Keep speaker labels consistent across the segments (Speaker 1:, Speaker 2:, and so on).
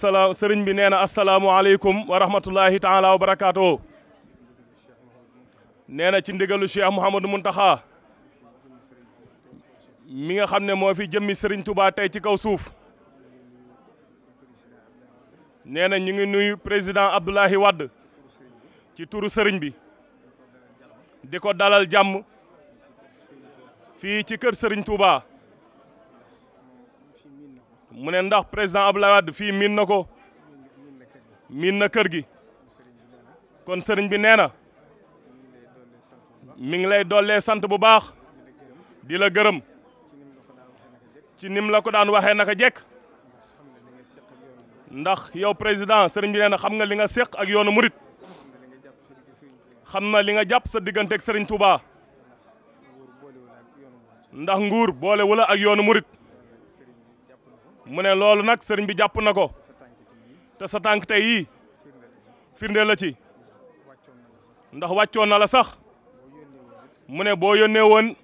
Speaker 1: salaa sëriñ bi nee na asalaamualeykum wa rahmatullahi taala wa barakaatu. nee na ci ndigalu Cheikh Mouhamadou Mountakha mi nga xam ne moo fi jëmmi sëriñ Touba tey ci kaw suuf. nee na ñu ngi nuyu président Abdoulaye Wade ci turu sëriñ bi. di ko dalal jàmm fii ci kër sëriñ Touba. mu ne ndax président Abdoulaye Wade fii miin na ko miin na kër gi kon sëriñ bi nee na mi ngi lay dollee sant bu baax di la gërëm ci nim la ko daan waxee naka jekk ndax yow président sëriñ bi nee na xam nga li nga séq ak yoonu murit xam na li nga jàpp sa diggante ak sëriñ Touba ndax nguur boole wala ak yoonu murit mu ne loolu nag sëriñ bi jàpp na ko te sa tànk tey yii firnde la ci ndax wàccoon na la sax mu ne boo yónnee woon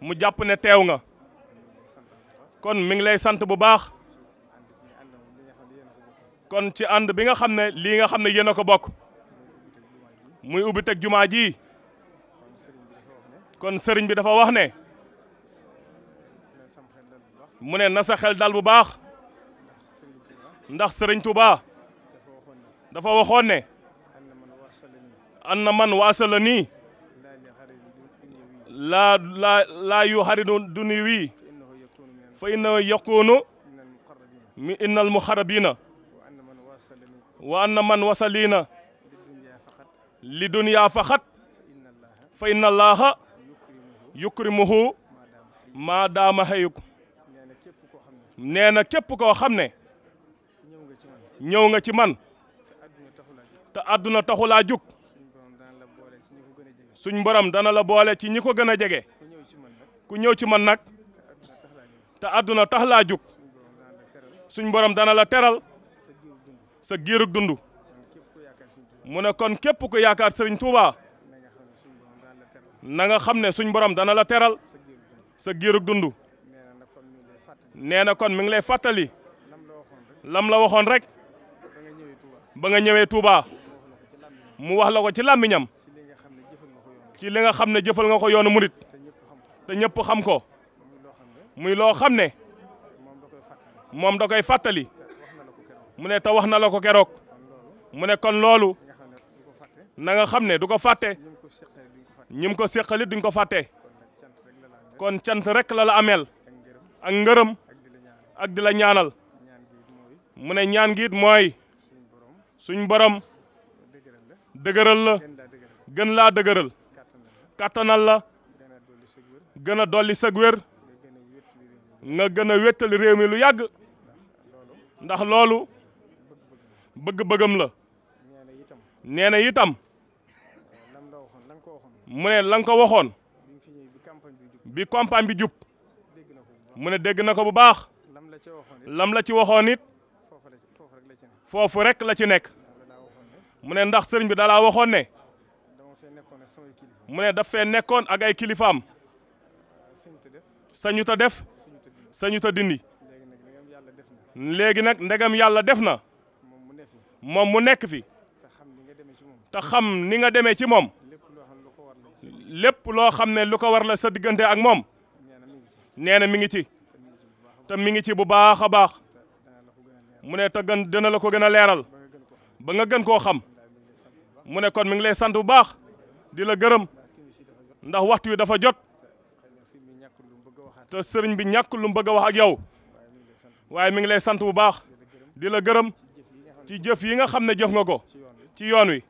Speaker 1: mu jàpp ne teew nga kon mi ngi lay sant bu baax kon ci ànd bi nga xam ne lii nga xam ne yéen a ko bokk muy ubbi teg jumaa ji kon sëriñ bi dafa wax ne mu ne na sa xel dal bu baax ndax serigne touba dafa waxoon ne an man wasalani la la la laa yu xaridu duni wii fa inna yakunu min innal muxarabina wa anna man wasalina li duniya faxat fa inna allaha yukrimuhu maadaama xeyuk nee na képp koo xam ne ñëw nga ci man te àdduna taxu laa jug suñ borom dana la boole ci ñi ko gën a jege ku ñëw ci man nag te àdduna tax laa jug suñ borom dana la teral sa giirug dund mu ne kon képp ku yaakaar sëriñ Touba na nga xam ne suñ borom dana la teral sa giirug dund nee mengle kon mi ngi lay fatali lam la waxon rek ba nga ñëwee Touba mu wax la ko ci làmmiñam ci li nga xamne ne nga ko yoonu murid te ñëpp xam ko muy lo xamne ne da koy fatali mu ne te wax na la ko kérok mu ne kon lolu na nga xamne du ko faté ñim ko sékkali duñ ko faté kon rek la la amel ak ngeureum ak dila ñaanal mune ñaan giit moy suñ borom degeural la gën la degeural katanal la gën a dolli nga gën a réew lu yag ndax lolu bëgg-bëggam la nee itam mune lang ko waxon bi campagne bi jup mu ne dégg na ko bu baax lam la ci waxoon it foofu rek la ci nekk mu ne ndax sëriñ bi dalaa waxoon ne mu ne daf fee nekkoon ak ay kilifaam sañu ta def sañu dindi léegi nag ndegam yàlla def na moom mu nekk fi te xam ni nga demee ci moom lépp loo xam ne lu ko war la sa diggante ak moom nee na mi ngi ci te mi ngi ci bu baax a baax mu ne te gën dina la ko gën a leeral ba nga gën koo xam mu ne kon mi ngi lay sant bu baax di la gërëm ndax waxtu wi dafa jot te sëriñ bi ñàkk lu mu bëgg a wax ak yow waaye mi ngi lay sant bu baax di la gërëm ci jëf yi nga xam ne jëf nga ko ci yoon wi